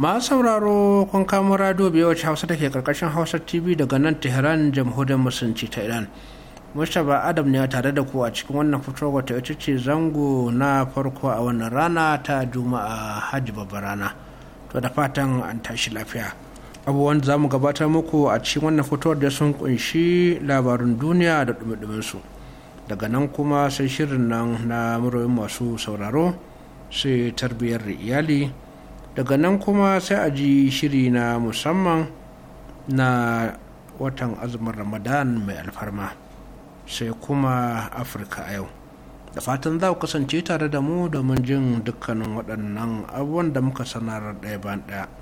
masu sauraro kun kamo rado biyu wacce hausa take karkashin hausa tv daga nan tehran jamhuriyar musulunci ta iran mustapha adam ne tare da ku a cikin wannan fitowar wata ita ce zango na farko a wannan rana ta juma'a hajji babbar rana to da fatan an tashi lafiya abubuwan da mu gabatar muku a cikin wannan fitowar da sun kunshi labarin duniya da dumi su daga nan kuma sai shirin nan na muryoyin masu sauraro sai tarbiyyar iyali daga nan kuma sai a ji shiri na musamman na watan azumin ramadan mai alfarma sai kuma afirka a yau da fatan za ku kasance tare da mu domin jin dukkanin waɗannan abubuwan da muka sanar ɗaya bayan ɗaya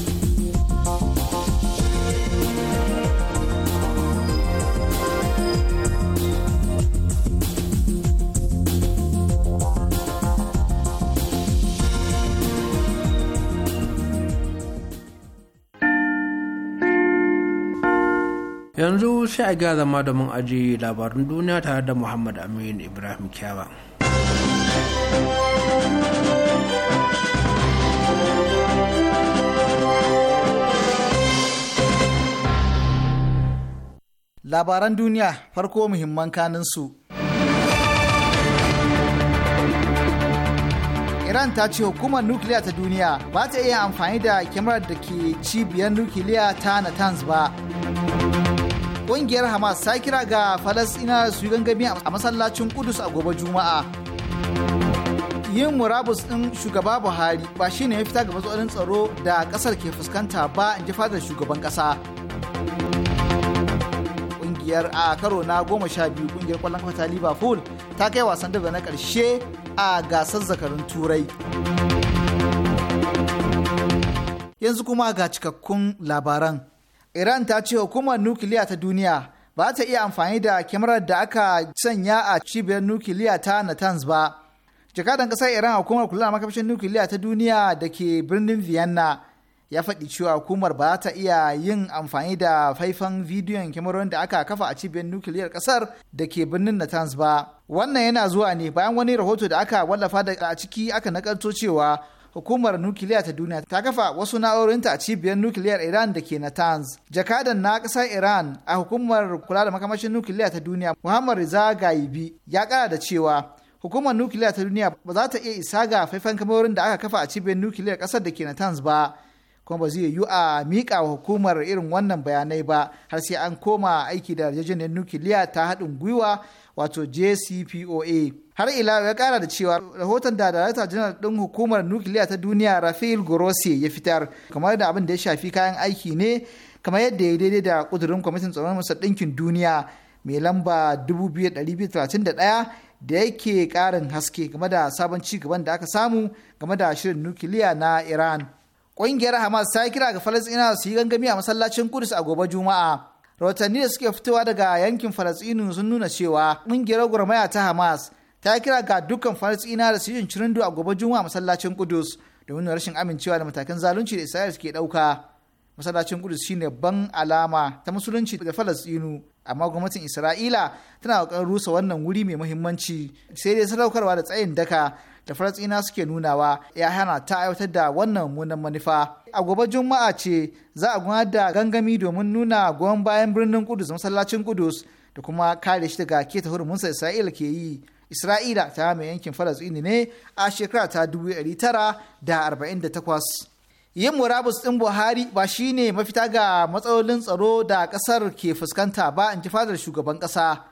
yanzu sai a gaya zama mun aji labarin duniya tare da muhammad amin ibrahim kyawa labaran duniya farko muhimman kaninsu Iran ta ce hukumar nukiliya ta duniya ba ta iya amfani da kyamarar da ke cibiyar nukiliya ta Natanz ba ƙungiyar hamas ta kira ga falasɗina su yi gangami a masallacin kudus a gobe juma'a yin murabus ɗin shugaba buhari ba shi ne ya fita ga matsalolin tsaro da ƙasar ke fuskanta ba in ji fadar shugaban ƙasa ƙungiyar a karo na goma sha biyu ƙungiyar ƙwallon kafa ta liverpool ta kai wasan daga na ƙarshe a gasar zakarun turai yanzu kuma ga cikakkun labaran Iran ta ce hukumar nukiliya ta duniya ba ta iya amfani da kyamarar da aka sanya a cibiyar nukiliya ta Natanz ba. Jakadan ƙasar Iran hukumar kula da makafishin nukiliya ta duniya da ke birnin Vienna ya faɗi cewa hukumar ba ta iya yin amfani da faifan bidiyon kyamarorin da aka kafa a cibiyar nukiliyar ƙasar da ke birnin Natanz ba. Wannan yana zuwa ne bayan wani rahoto da aka wallafa da a ciki aka nakalto cewa hukumar nukiliya ta duniya ta kafa wasu na'urorinta a cibiyar nukiliyar iran da ke natanz jakadan na kasar iran a hukumar kula da makamashin nukiliya ta duniya muhammad riza gaibi ya kara da cewa hukumar nukiliya ta duniya ba za ta iya isa ga faifan kamarorin da aka kafa a cibiyar nukiliyar ƙasar da ke natanz ba kuma ba zai yiwu a miƙa wa hukumar irin wannan bayanai ba har sai an koma aiki da yarjejeniyar nukiliya ta haɗin gwiwa wato jcpoa har ila ya kara da cewa rahoton da darakta janar ɗin hukumar nukiliya ta duniya rafael grossi ya fitar kamar da abin da ya shafi kayan aiki ne kamar yadda ya daidai da kudurin kwamitin tsaron masar ɗinkin duniya mai lamba 2231 da yake karin haske game da sabon ci gaban da aka samu game da shirin nukiliya na iran ƙungiyar hamas ta kira ga falasɗinawa su yi gangami a masallacin kudus a gobe juma'a rahotanni da suke fitowa daga yankin Falasinu sun nuna cewa ƙungiyar gwarmaya ta hamas ta kira ga dukkan Falasina da su yi cirindu a gobe juma'a masallacin kudus domin rashin amincewa da matakan zalunci da isra'ila suke ɗauka masallacin kudus shine ban alama ta musulunci da Falasinu, amma gwamnatin isra'ila tana ƙoƙarin rusa wannan wuri mai muhimmanci sai dai sadaukarwa da tsayin daka da falastina suke nunawa ya hana ta aiwatar da wannan mummunan manufa a gobe juma'a ce za a gudanar da gangami domin nuna goyon bayan birnin kudus da masallacin kudus da kuma kare shi daga keta hurumunsa isra'ila ke yi isra'ila ta mai yankin falasini ne a shekara ta tara da arba'in 1948 yin murabus ɗin buhari ba shine mafita ga matsalolin tsaro da ƙasar ke fuskanta ba in ji fadar shugaban ƙasa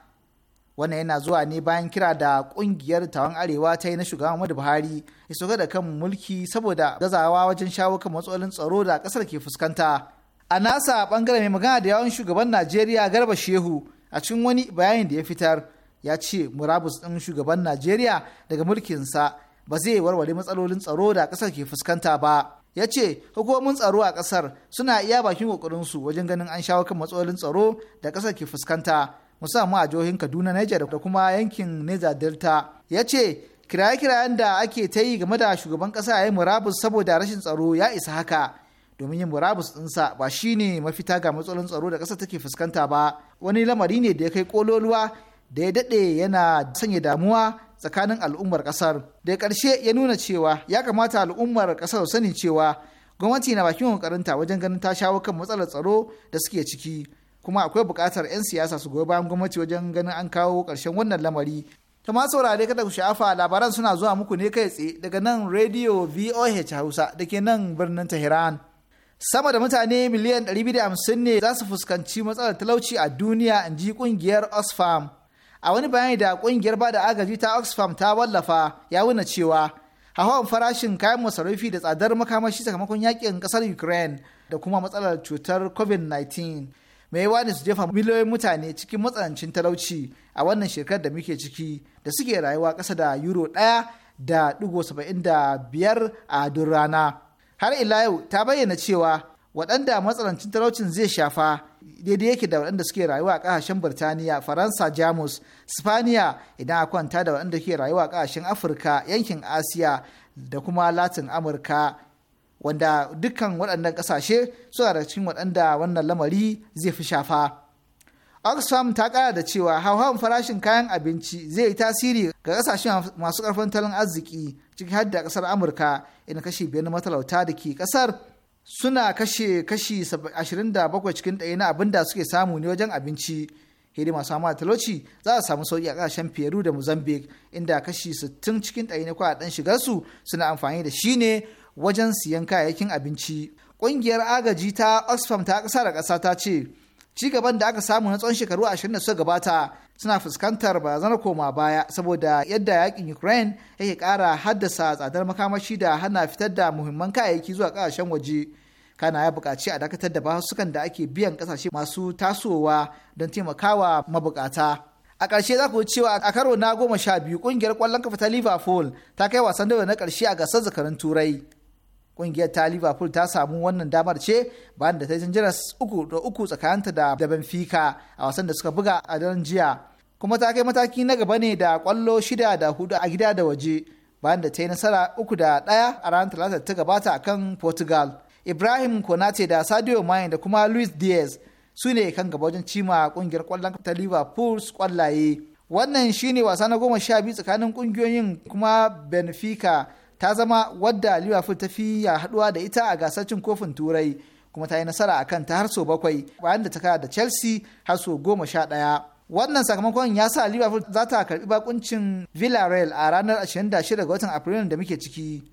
wannan yana zuwa ne bayan kira da kungiyar tawan arewa ta yi na shugaban muhammadu buhari ya soka da kan mulki saboda gazawa wajen shawo kan matsalolin tsaro da kasar ke fuskanta a nasa bangare mai magana da yawon shugaban najeriya garba shehu a cikin wani bayanin da ya fitar ya ce murabus ɗin shugaban najeriya daga mulkinsa ba zai warware matsalolin tsaro da kasar ke fuskanta ba ya ce hukumomin tsaro a kasar suna iya bakin kokarinsu wajen ganin an shawo kan matsalolin tsaro da kasar ke fuskanta musamman a jihohin kaduna niger da kuma yankin niger delta ya ce kiraye-kirayen da ake ta yi game da shugaban kasa ya yi murabus saboda rashin tsaro ya isa haka domin yin murabus ɗinsa ba shi ne mafita ga matsalolin tsaro da kasa take fuskanta ba wani lamari ne da ya kai kololuwa da ya daɗe yana sanya damuwa tsakanin al'ummar ƙasar da ya karshe ya nuna cewa ya kamata al'ummar ƙasar sani cewa gwamnati na bakin ƙoƙarinta wajen ganin ta shawo kan matsalar tsaro da suke ciki kuma akwai buƙatar 'yan siyasa su goyi bayan gwamnati wajen ganin an kawo ƙarshen wannan lamari ta ma saurare kada ku sha'afa labaran suna zuwa muku ne kai tsaye daga nan radio voh hausa da ke nan birnin tehran sama da mutane miliyan 250 ne za su fuskanci matsalar talauci a duniya in ji kungiyar oxfam a wani bayani da kungiyar ba da agaji ta oxfam ta wallafa ya wuna cewa hawan farashin kayan masarufi da tsadar makamashi sakamakon yakin ƙasar ukraine da kuma matsalar cutar covid-19 mai yawa ne su jefa miliyoyin mutane cikin matsanancin talauci a wannan shekarar da muke ciki da suke rayuwa ƙasa da euro ɗaya da ɗigo saba'in da biyar a duk rana har ila yau ta bayyana cewa waɗanda matsanancin talaucin zai shafa daidai yake da waɗanda suke rayuwa a ƙasashen Birtaniya, Faransa, Jamus, Spaniya idan a kwanta da waɗanda ke rayuwa a ƙasashen Afirka, yankin Asiya da kuma Latin Amurka wanda dukkan waɗannan ƙasashe suna da cikin waɗanda wannan lamari zai fi shafa. Oxfam ta ƙara da cewa hauhawan farashin kayan abinci zai yi tasiri ga ƙasashe masu ƙarfin talon arziki ciki har da ƙasar Amurka ina kashi biyar na matalauta da ke ƙasar suna kashe kashi 27 cikin ɗaya na abin da suke samu ne wajen abinci. hidi masu hama talauci za a samu sauƙi a ƙasashen Peru da Mozambique inda kashi 60 cikin ɗaya na kuɗaɗen shigarsu suna amfani da shi ne wajen siyan kayayyakin abinci ƙungiyar agaji ta oxfam ta ƙasa da ƙasa ta ce ci gaban da aka samu na tsawon shekaru ashirin da suka gabata suna fuskantar barazanar koma baya saboda yadda yakin ukraine yake ƙara haddasa tsadar makamashi da hana fitar da muhimman kayayyaki zuwa ƙasashen waje kana ya buƙaci a dakatar da basussukan da ake biyan ƙasashe masu tasowa don taimakawa mabukata. a ƙarshe za ku cewa a karo na goma sha biyu ƙungiyar ƙwallon kafa ta liverpool ta kai wasan dawa na ƙarshe a gasar zakarun turai Ƙungiyar ta Liverpool ta samu wannan damar ce bayan da ta yi jiras uku da uku tsakaninta da Benfica a wasan da suka buga a daren jiya. Kuma ta kai mataki na gaba ne da kwallo shida da hudu a gida da waje bayan da ta yi nasara uku da ɗaya a ranar talata ta gabata a kan Portugal. Ibrahim Konate da Sadio Mane da kuma Luis Diaz su ne kan gaba wajen cima kungiyar kwallon ta Liverpool kwallaye. Wannan shine wasa na goma sha biyu tsakanin kungiyoyin kuma Benfica ta zama wadda liverpool ta fi ya haduwa da ita a gasar cin kofin turai kuma ta yi nasara a kan ta har so bakwai bayan da ta kara da chelsea har sau goma sha daya. wannan sakamakon ya sa liverpool za ta karbi bakuncin villarreal a ranar 26 ga watan april da muke ciki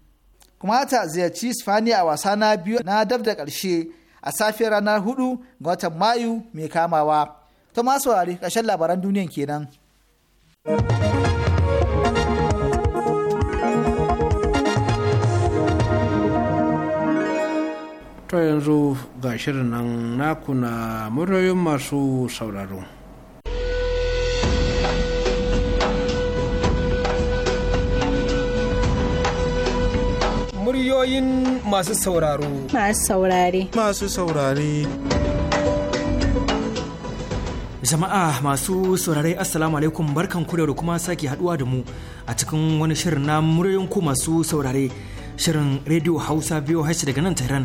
kuma ta ziyarci spaniya a wasa na biyu na dab da karshe a safiyar ranar hudu ga watan mayu mai kamawa ta masu saurari kashen labaran duniyan kenan. to yanzu ga shirin nan naku na muryoyin masu sauraro muryoyin masu sauraro masu saurare masu saurare jama'a masu saurare assalamu alaikum barkan ku da kuma sake haduwa da mu a cikin wani shirin na muryoyin ku masu saurare shirin radio hausa biyu hashi daga nan tehran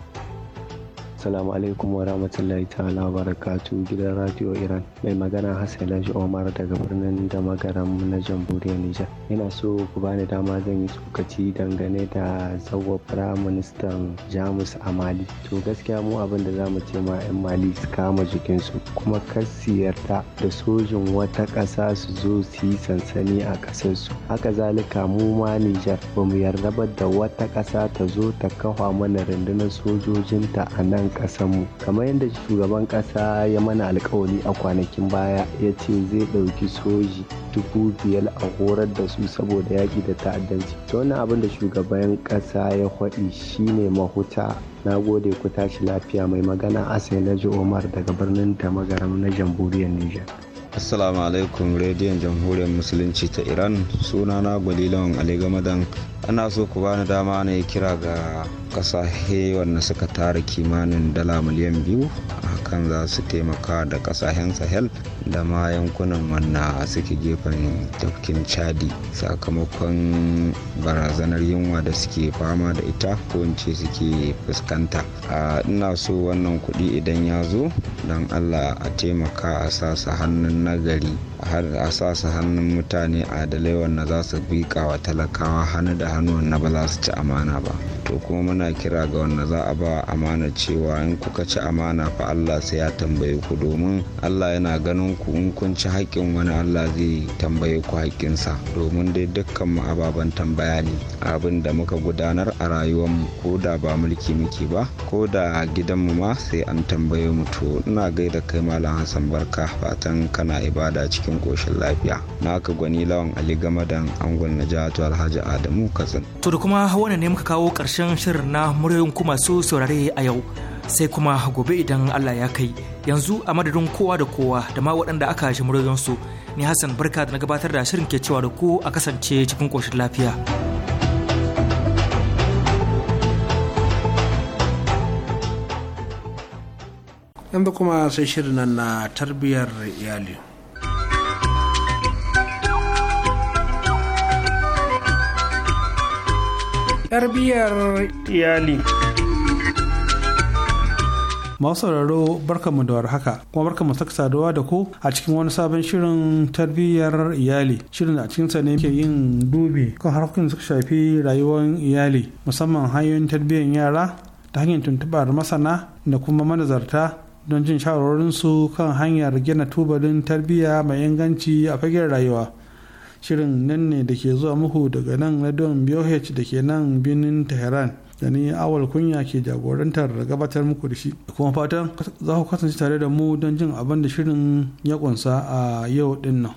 Assalamu alaikum wa rahmatullahi ta'ala wa barakatu gidan Radio Iran. Mai magana Hassan Laji Omar daga birnin da magaram na jamhuriyar Nijar. Ina so ku bani dama zan yi tsokaci dangane da zawo firaministan Jamus a Mali. To gaskiya mu abin da zamu ce ma 'yan Mali su kama jikinsu kuma kasiyarta da sojin wata ƙasa su zo su yi sansani a ƙasarsu. Haka zalika mu ma Nijar ba mu yarda ba da wata ƙasa ta zo ta kafa mana rundunar sojojinta a nan ƙasarmu kamar yadda shugaban ƙasa ya mana alkawari a kwanakin baya ya ce zai ɗauki soji dubu biyar a horar da su saboda yaƙi da ta'addanci ta wannan abin da shugaban ƙasa ya faɗi shine mahuta na gode ku tashi lafiya mai magana asai laji omar daga birnin tamagaram na jamhuriyar niger assalamu alaikum rediyon jamhuriyar musulunci ta iran sunana gwalilon ali ana so ku bani dama na yi kira ga kasashe wanda suka tara kimanin dala miliyan biyu a kan za su taimaka da kasashen sahel da ma yankunan wanda suke gefen tafkin chadi sakamakon barazanar yunwa da suke fama da ita ko in ce suke fuskanta ina so wannan kuɗi idan ya zo don allah a taimaka a sa hannun nagari har a sa su hannun mutane adalai wanda za su bika wa talakawa hannu da hannu wanda ba za su ci amana ba to kuma muna kira ga wanda za a ba amana cewa in kuka ci amana fa Allah sai ya tambaye ku domin Allah yana ganin ku in kun ci haƙƙin wani Allah zai tambaye ku haƙƙinsa domin dai dukkan mu ababen tambaya ne abin da muka gudanar a rayuwar mu ko da ba mulki muke ba ko da gidanmu ma sai an tambaye mu to ina gaida kai malam Hassan barka fatan kana ibada cikin cikin koshin lafiya na ka gwani lawan ali game da angon na jihatu alhaji adamu katsin to da kuma wannan ne muka kawo karshen shirin na muryoyin ku masu saurare a yau sai kuma gobe idan allah ya kai yanzu a madadin kowa da kowa da ma waɗanda aka shi su ni hassan barka da na gabatar da shirin ke cewa da ku a kasance cikin koshin lafiya yanzu kuma sai shirin na tarbiyyar iyali tarbiyyar iyali masu sauraro barkanmu da warhaka kuma mu saka saduwa da ku a cikin wani sabon shirin tarbiyyar iyali shirin da a cikinsa ne ke yin dubi kan harkokin suka shafi rayuwar iyali musamman hanyoyin tarbiyyar yara ta hanyar tuntubar masana da kuma manazarta don jin shawarorinsu kan hanyar gina tubalin tarbiyya mai inganci a fagen rayuwa shirin nan ne da ke zuwa muku daga nan radon BOH da ke nan birnin Tehran da ni awal kunya ke jagorantar da gabatar muku da shi kuma fatan za ku kasance tare da mu don jin abin da shirin ya kunsa a yau din nan.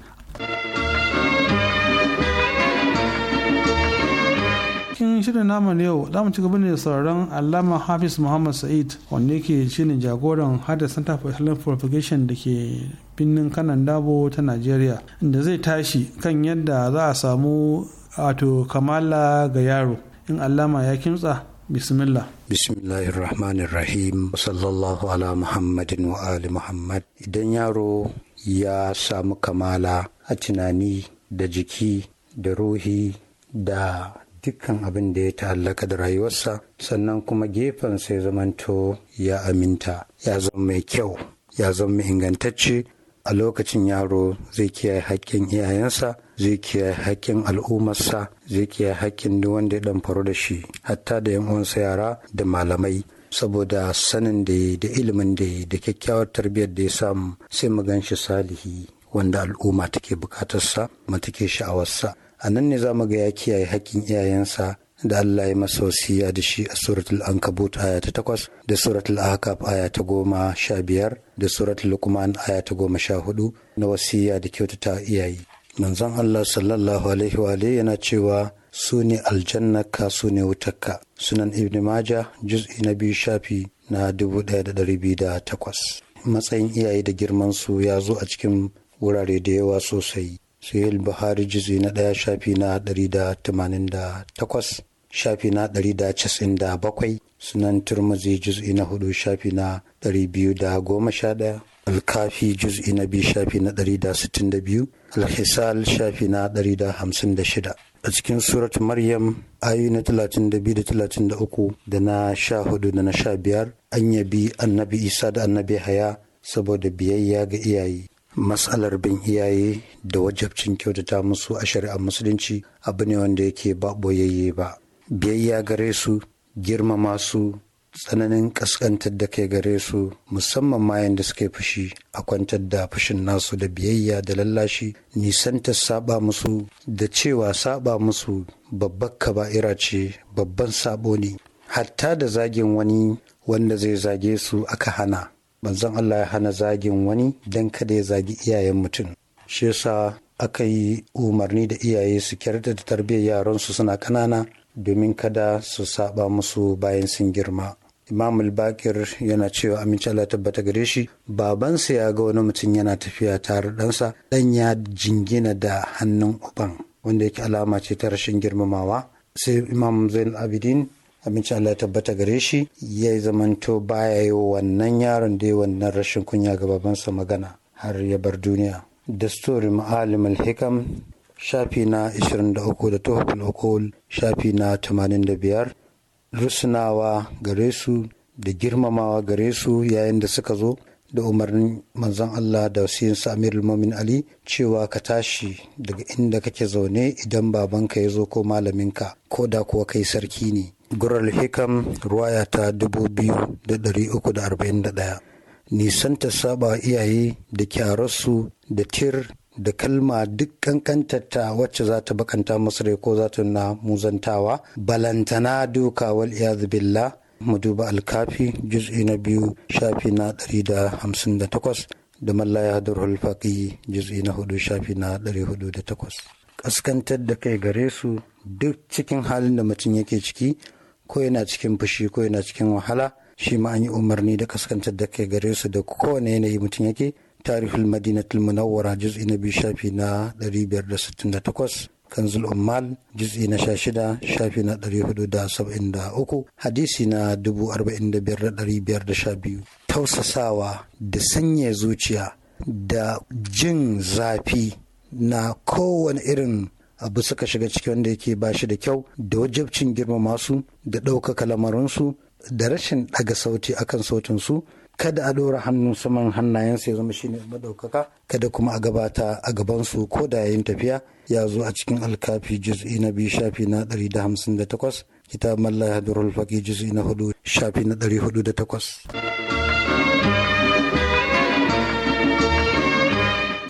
cikin shirin namu na yau za mu ci gaba ne da sauraron alama hafiz muhammad sa'id wanda yake shirin jagoran hada center for islamic propagation da ke birnin kanan dabo ta najeriya da zai tashi kan yadda za a samu ato kamala ga yaro in allama ya kimtsa bismillah bismillahirrahmanirrahim sallallahu ala muhammadin wa ali muhammad idan yaro ya samu kamala a tunani da jiki da ruhi da dukkan abin da ya ta'allaka da rayuwarsa sannan kuma gefen sai zamanto ya aminta ya zama mai kyau ya zama ingantacce a lokacin yaro zai kiyaye hakkin iyayensa zai kiyaye hakkin al'ummarsa zai kiyaye hakkin duk wanda ya damfaru da shi hatta da yan uwansa yara da malamai saboda sanin da da ilimin da da kyakkyawar tarbiyyar da ya samu sai mu ganshi salihi wanda al'umma take bukatarsa mu take sha'awarsa a nan ne za mu ga ya kiyaye hakkin iyayensa da Allah ya masa wasiya da shi a suratul ankabut aya ta takwas da suratul ahqaf aya ta goma sha biyar da suratul luqman aya ta goma sha hudu na wasiya da kyautata iyaye manzon Allah sallallahu alaihi wa alihi yana cewa su ne ka, su ne wutakka sunan ibn maja juz'i na biyu shafi na dubu ɗaya da ɗari biyu da takwas matsayin iyaye da girman su ya zo a cikin wurare da yawa sosai sahih buhari juz'i na ɗaya shafi na ɗari da tamanin da takwas shafi na 197 sunan turmuzi juz'i na hudu shafi na 211 alkafi juz'i na biyu shafi na 162 alhisal shafi na 156 a cikin surat maryam ayu na 32 da 33 da na hudu da na biyar an yabi annabi isa da annabi haya saboda biyayya ga iyaye matsalar bin iyaye da wajabcin kyautata musu a shari'ar musulunci abu ne wanda yake ba boyayye ba biyayya gare su girmama su tsananin kaskantar da kai gare su musamman ma da suke fushi a kwantar da fushin nasu da biyayya da lallashi nisantar saba musu da cewa saba musu babbar kaba'ira ce babban sabo ne hatta da zagin wani wanda zai zage su aka hana manzon Allah ya hana zagin wani don kada ya zagi iyayen mutum shi yasa aka yi umarni da iyaye su kyarta da tarbiyyar yaransu suna ƙanana domin kada su saba musu bayan sun girma imam bakir yana cewa aminci Allah tabbata gare shi babansa ya ga wani mutum yana tafiya tare ɗansa ɗan ya jingina da hannun uban wanda yake alama ce ta rashin girmamawa sai imam zain abidin aminci Allah ya tabbata gare shi ya zamanto baya yi wannan yaron da wannan rashin kunya ga babansa magana har ya bar duniya dastori ma'alim al-hikam shafi na 23 da tofin okol shafi na 85 rusunawa gare su da girmamawa gare su yayin da suka zo da umarnin manzon Allah da yin samir Mumin Ali cewa ka tashi daga inda kake zaune idan babanka ya zo ko malaminka ko da kuwa kai sarki ne. Gural Hikam ruwaya ta 2341 Nisan ta saba iyaye da kyararsu da tir da kalma duk ƙanƙantata wacce za ta bakanta masu ko za ta na muzantawa balantana duka wal billah mu duba alkafi juz'i na biyu shafi na 158 da mallaya darul faqi juz'i na hudu shafi na 408 kaskantar da kai gare su duk cikin halin da mutum yake ciki ko yana cikin fushi ko yana cikin wahala shi ma an yi umarni da kaskantar da kai gare su da kowane yanayi mutum yake Tarihi madinatul munawwara juz'i na biyu shafi na 568 kanzul ummal juz'i na 16 shafi na 473 hadisi na 45512 tausasawa da sanya zuciya da jin zafi na kowane irin abu suka shiga ciki wanda yake ba shi da kyau da wajabcin girmama su da ɗaukaka lamarinsu da rashin ɗaga sauti akan sautinsu kada a ɗora hannun saman hannayensa ya zama shine madaukaka kada kuma a gabata a gabansu ko da yayin tafiya ya zo a cikin alkafi juz'i na biyu shafi na ɗari da hamsin da takwas kitab mallah durul faƙi juz'i na hudu shafi na ɗari hudu da takwas.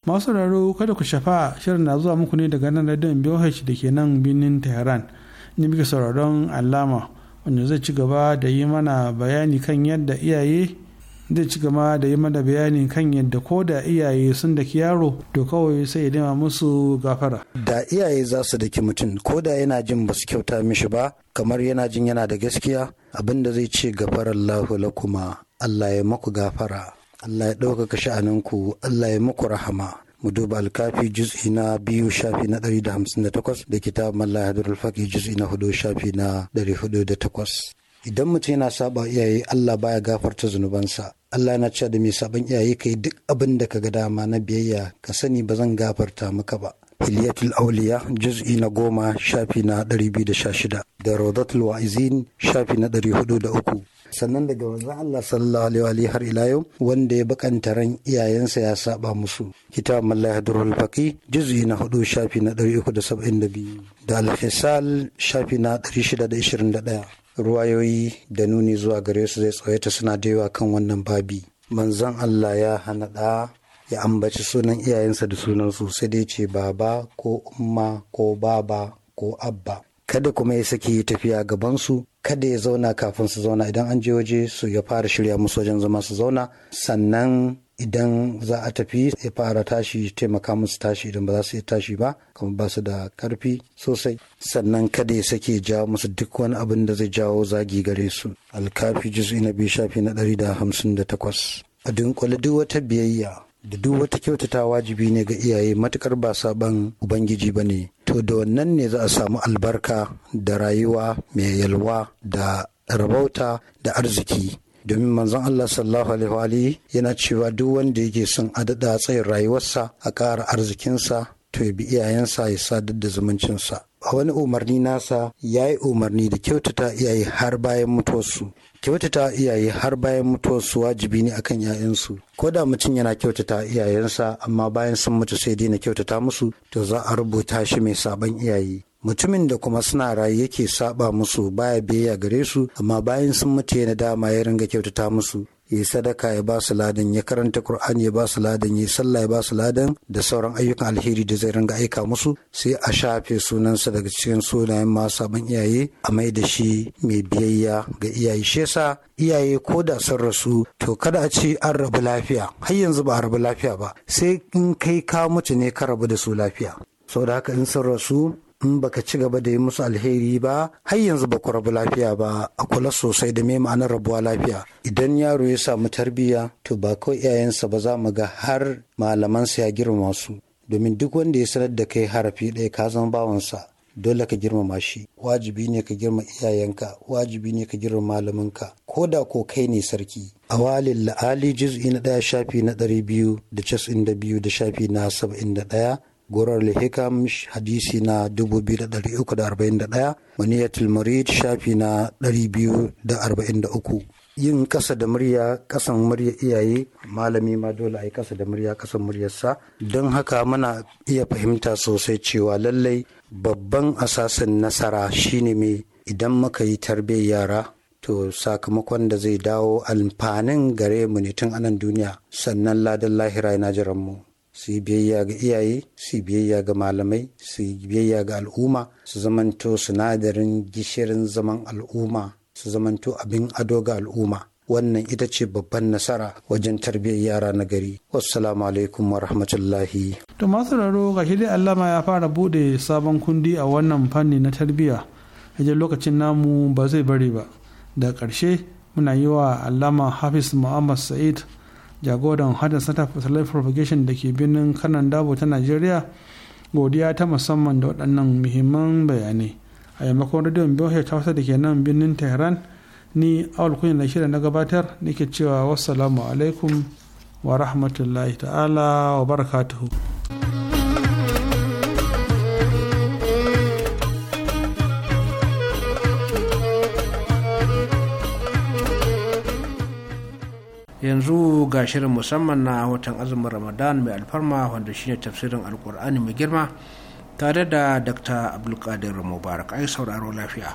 masu sauraro kada ku shafa shirin na zuwa muku ne daga nan radion BOH da ke nan birnin Tehran ni muke sauraron alama wanda zai ci gaba da yi mana bayani kan yadda iyaye zai ci gaba da yi mana bayani kan yadda ko da iyaye sun daki yaro to kawai sai ya nema musu gafara. Da iyaye za su daki mutum ko da yana jin ba su kyauta mishi ba kamar yana jin yana da gaskiya abin da zai ce gafarallahu lakuma Allah ya maku gafara Allah ya ɗaukaka sha'aninku Allah ya maku rahama. mu duba alkafi juz'i na biyu shafi na ɗari da hamsin da takwas da kitab malla juz'i na hudu shafi na ɗari hudu da takwas. idan mutum yana saba iyaye Allah baya gafarta zunubansa Allah yana cewa da mai saban iyaye ka yi duk abin da ka ga dama na biyayya ka sani ba zan gafarta maka ba iliyatul Auliya juz'i na goma shafi na 216 da Rawdatul Wa'izin shafi na 403 sannan daga wanzan Allah sallallahu alaihi wa alihi har ila yau wanda ya bakan ran iyayensa ya saba musu kitab mallah durul faqi juz'i na 4 shafi na 372 da al hisal shafi na 621 ruwayoyi da nuni zuwa gare su zai tsawaita suna da yawa kan wannan babi manzon Allah ya hana ɗa ya ambaci sunan iyayensa da sunansu sai dai ce baba ko umma ko baba ko abba kada kuma ya saki tafiya gabansu kada ya zauna kafin su zauna idan an je waje su ya fara shirya musu wajen zama su zauna sannan idan za a tafi ya fara tashi taimaka musu tashi idan ba za su tashi ba kuma ba su da karfi sosai sannan kada ya sake jawo musu duk wani abin da zai jawo zagi gare su alkafi jisu na biyu shafi na ɗari da hamsin da takwas a dunkule duk wata biyayya da duk wata kyautata wajibi ne ga iyaye matukar ba saban ubangiji ba ne to da wannan ne za a samu albarka da rayuwa mai yalwa da rabauta da arziki domin manzon Allah sallallahu alaihi wa alihi yana cewa duk wanda yake son a dada tsayin rayuwarsa a ƙara arzikinsa to ya bi iyayensa ya sadar da zumuncinsa a wani umarni nasa ya yi umarni da kyautata iyaye har bayan mutuwarsu kyautata iyaye har bayan mutuwarsu wajibi ne akan yayansu ko da mutum yana kyautata iyayensa amma bayan sun mutu sai daina kyautata musu to za a rubuta shi mai sabon iyaye mutumin da kuma suna rayu yake saba musu baya biyayya gare su amma bayan sun mutu na dama ya ringa kyautata musu ya sadaka ya ba su ladan ya karanta Kur'ani ya ba su ladan ya sallah ya ba su ladan da sauran ayyukan alheri da zai ringa aika musu sai a shafe sunansa daga cikin sunayen masu sabon iyaye a mai da shi mai biyayya ga iyaye shi yasa iyaye ko da sun rasu to kada a ce an rabu lafiya har yanzu ba a rabu lafiya ba sai in kai ka mutu ne ka rabu da su lafiya saboda haka in sun rasu in baka ci gaba da yi musu alheri ba har yanzu ba ku rabu lafiya ba a kula sosai da me ma'anar rabuwa lafiya idan yaro ya samu tarbiyya to ba kawai iyayensa ba za mu ga har malamansa ya girmama su domin duk wanda ya sanar da kai harafi ɗaya ka zama bawansa dole ka girmama shi wajibi ne ka girma iyayenka wajibi ne ka girma malaminka ko da ko kai ne sarki a walin la'ali juz'i na ɗaya shafi na ɗari biyu da casin da biyu da shafi na saba'in da ɗaya gorar lihikam hadisi na 2341 maniyatul marid shafi na 243 yin kasa da murya kasan murya iyaye malami ma dole a yi kasa da murya kasan muryarsa don haka muna iya fahimta sosai cewa lallai babban asasin nasara shine mai idan muka yi tarbe yara to sakamakon da zai dawo alfanin gare mu ne tun anan duniya sannan ladan lahira yana jiran mu su yi biyayya ga iyaye su yi biyayya ga malamai su yi biyayya ga al'umma su zamanto sinadarin gishirin zaman al'umma su zamanto abin ado ga al'umma wannan ita ce babban nasara wajen tarbiyyar yara na gari wassalamu alaikum wa rahmatullahi to masu raro ga allama ya fara bude sabon kundi a wannan fanni na tarbiyya yaje lokacin namu ba zai bari ba da karshe muna yi wa allama hafiz muhammad sa'id jagoran hadin sata for slave propagation da ke birnin kanan dabo ta nigeria godiya ta musamman da waɗannan muhimman bayanai a yammakon rediyon biyu ta wasa da ke nan birnin tehran ni awal kunya na shirya na gabatar nake cewa wassalamu alaikum wa rahmatullahi ta'ala wa barakatuhu yanzu ga shirin musamman na watan azumin ramadan mai alfarma wanda shine tafsirin alkur'ani mai girma tare da dr abdulkadir mubarak ai sauraro lafiya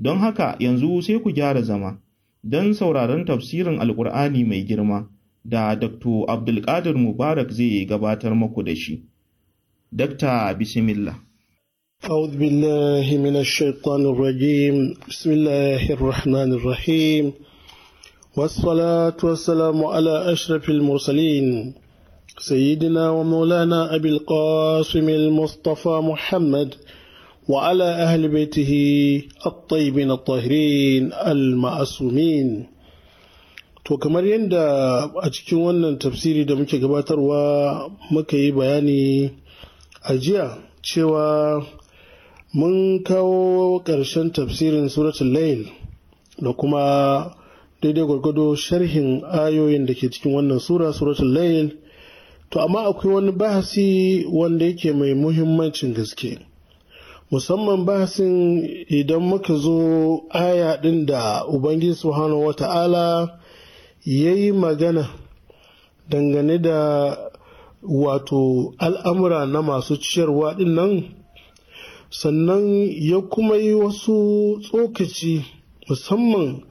Don haka yanzu sai ku gyara zama don sauraron tafsirin Alƙur'ani mai girma da Dr. Abdulkadir Mubarak zai gabatar muku da shi. dr Bismillah. أعوذ بالله من الشيطان الرجيم بسم الله الرحمن الرحيم والصلاة والسلام على أشرف المرسلين سيدنا ومولانا أبي القاسم المصطفى محمد وعلى أهل بيته الطيبين الطاهرين المعصومين to kamar yadda a cikin wannan tafsiri da muke gabatarwa muka yi bayani a jiya cewa mun kawo ƙarshen tafsirin suratul layl da kuma daidai gwargwado sharhin ayoyin da ke cikin wannan sura suratul layl to amma akwai wani bahasi wanda yake mai muhimmancin gaske musamman bahasin idan muka zo aya ɗin da ubangiji subhanahu wa ta'ala ya yi magana dangane da wato al'amura na masu ciyarwa ɗin nan sannan ya kuma yi wasu tsokaci musamman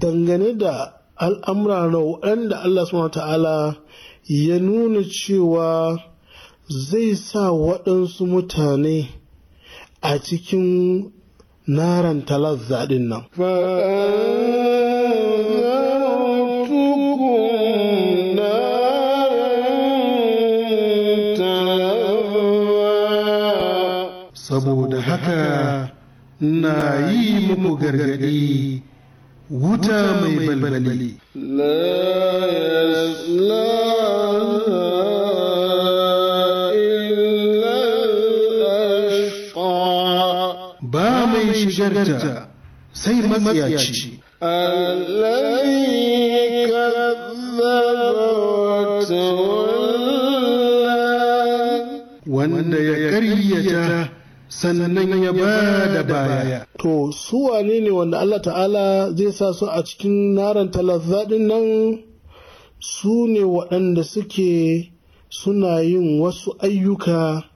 dangane da al'amura na waɗanda Allah subhanahu wa ta'ala ya nuna cewa zai sa waɗansu mutane a cikin naran talazza ɗin nan. Saboda haka na yi muku gargaɗi wuta mai balbali. La darja sai matsiyaci. Wanda ya ƙaryata sannan ya ba da baya. To, su wane ne wanda Allah ta'ala zai sa su a cikin naran talazzaɗin nan su ne waɗanda suke suna yin wasu ayyuka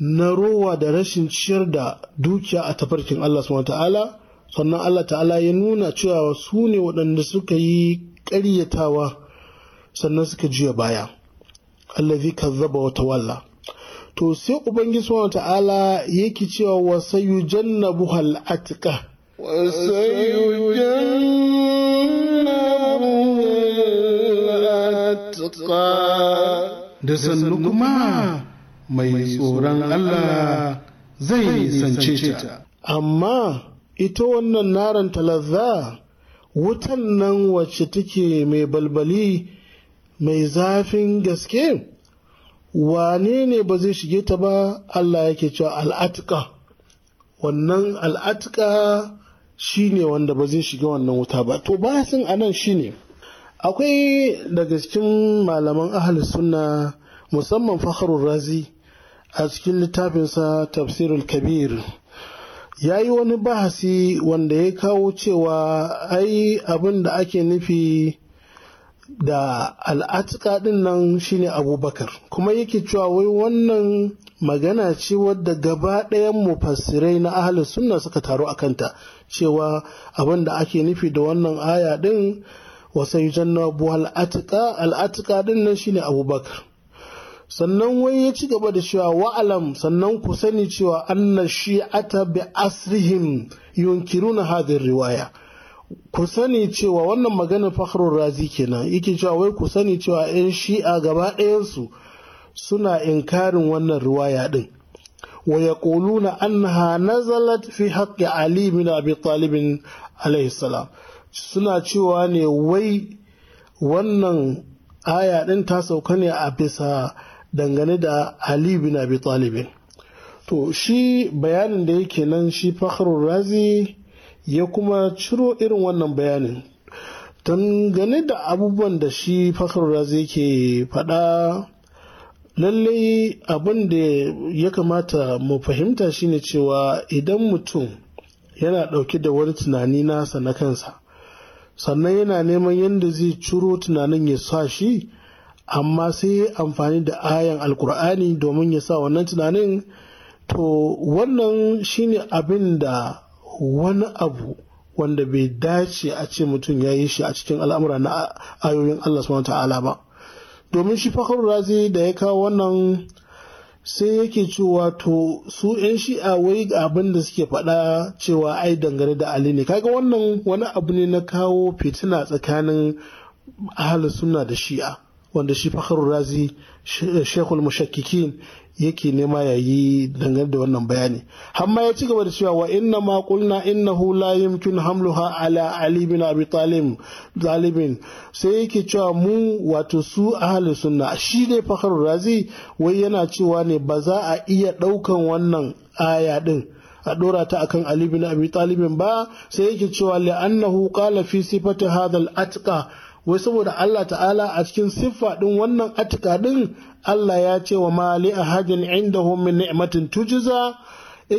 na rowa da rashin ciyar da dukiya a tafarkin Allah subhanahu ta'ala sannan Allah ta'ala ya nuna cewa su ne waɗanda suka yi ƙaryatawa sannan suka juya baya Allah allazi kazzaba wata walla to sai ubangiji subhanahu ta'ala yake cewa wa jannabu hal atqa wa atqa da sannu kuma mai tsoron Allah zai nisance ta. Amma ita wannan naran talazza wutan nan wacce take mai balbali mai zafin gaske wane ne ba zai shige ta ba Allah yake cewa al'atka wannan al'atka shi ne wanda ba zai shiga wannan wuta ba to ba sun anan shi ne akwai daga cikin malaman ahal sunna musamman fakharul razi a cikin littafinsa tafsirul kabir ya yi wani bahasi wanda ya kawo cewa ai abin da ake nufi da al'atika ɗin nan shine abubakar kuma yake cewa wai wannan magana ce wadda gaba ɗayan mufassirai na ahli sunna suka taru a kanta cewa abin da ake nufi da wannan aya ɗin wasa yi janna buhal al'atika ɗin nan shine abubakar sannan wai ya ci gaba da cewa wa'alam sannan ku sani cewa anna shi'ata bi asrihim yunkiruna hadhihi riwaya ku sani cewa wannan maganar fakhrul razi kenan yake cewa wai ku sani cewa yan shi'a gaba su suna inkarin wannan riwaya din wa yaquluna annaha nazalat fi haqqi ali bin abi talib alayhi salam suna cewa ne wai wannan aya ɗin ta sauka ne a bisa dangane da Ali bin Abi Talibin. To shi bayanin da yake nan shi Fakhrul Razi ya kuma ciro irin wannan bayanin. Dangane da abubuwan da shi Fakhrul Razi yake faɗa lallai abin da ya kamata mu fahimta shine cewa idan mutum yana ɗauke da wani tunani nasa na kansa sannan yana neman yadda zai ciro tunanin ya sa shi amma sai amfani da ayan alkur'ani domin ya sa wannan tunanin to wannan shine abin da wani abu wanda bai dace a ce mutum ya yi shi a cikin al'amura na ayoyin Allah subhanahu ta'ala ba domin shi fakar razi da ya kawo wannan sai yake cewa to su 'yan shi'a wai abin da suke faɗa cewa ai dangane da ali ne kaga wannan wani abu ne na kawo fitina tsakanin ahalin suna da shi'a wanda shi fakharul razi shekul mushakkikin yake nema ya yi dangane da wannan bayani hamma ya ci gaba da cewa wa inna ma qulna innahu la yumkin hamluha ala ali bin abi talib zalimin sai yake cewa mu wato su ahli sunna shi dai fakharul razi wai yana cewa ne ba za a iya daukan wannan aya din a dora ta akan Ali bin Abi Talibin ba sai yake cewa annahu qala fi sifati hadha al-atqa wai saboda Allah ta'ala a cikin siffa ɗin wannan atika din Allah ya ce wa mali a hajjin inda min ni'matin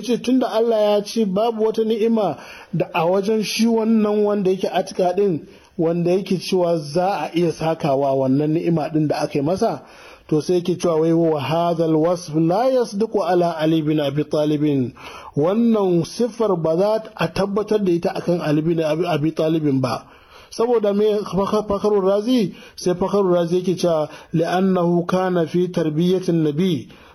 ce tun da Allah ya ce babu wata ni'ima da a wajen shi wannan wanda yake atika din wanda yake cewa za a iya sakawa wannan ni'ima ɗin da aka yi masa to sai yake cewa wai wa hadhal wasf la yasduqu ala ali bin abi talibin wannan siffar ba za a tabbatar da ita akan ali bin abi talibin ba saboda mai fakarun razi sai fakarun razi yake cewa li'annahu kana fi tarbiyyatin nabi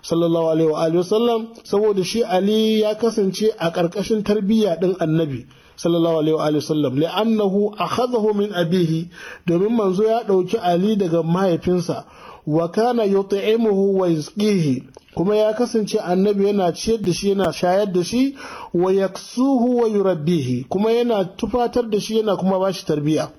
sallallahu alaihi wa alihi wasallam saboda shi ali ya kasance a ƙarƙashin tarbiyya din annabi sallallahu alaihi wa alihi wasallam li'annahu akhadhahu min abihi domin manzo ya ɗauki ali daga mahaifinsa wa kana yut'imuhu wa yasqihi kuma ya kasance annabi yana ciyar da shi yana shayar da shi wa yaksuhu wa yurabbihi kuma yana tufatar da shi yana kuma bashi tarbiya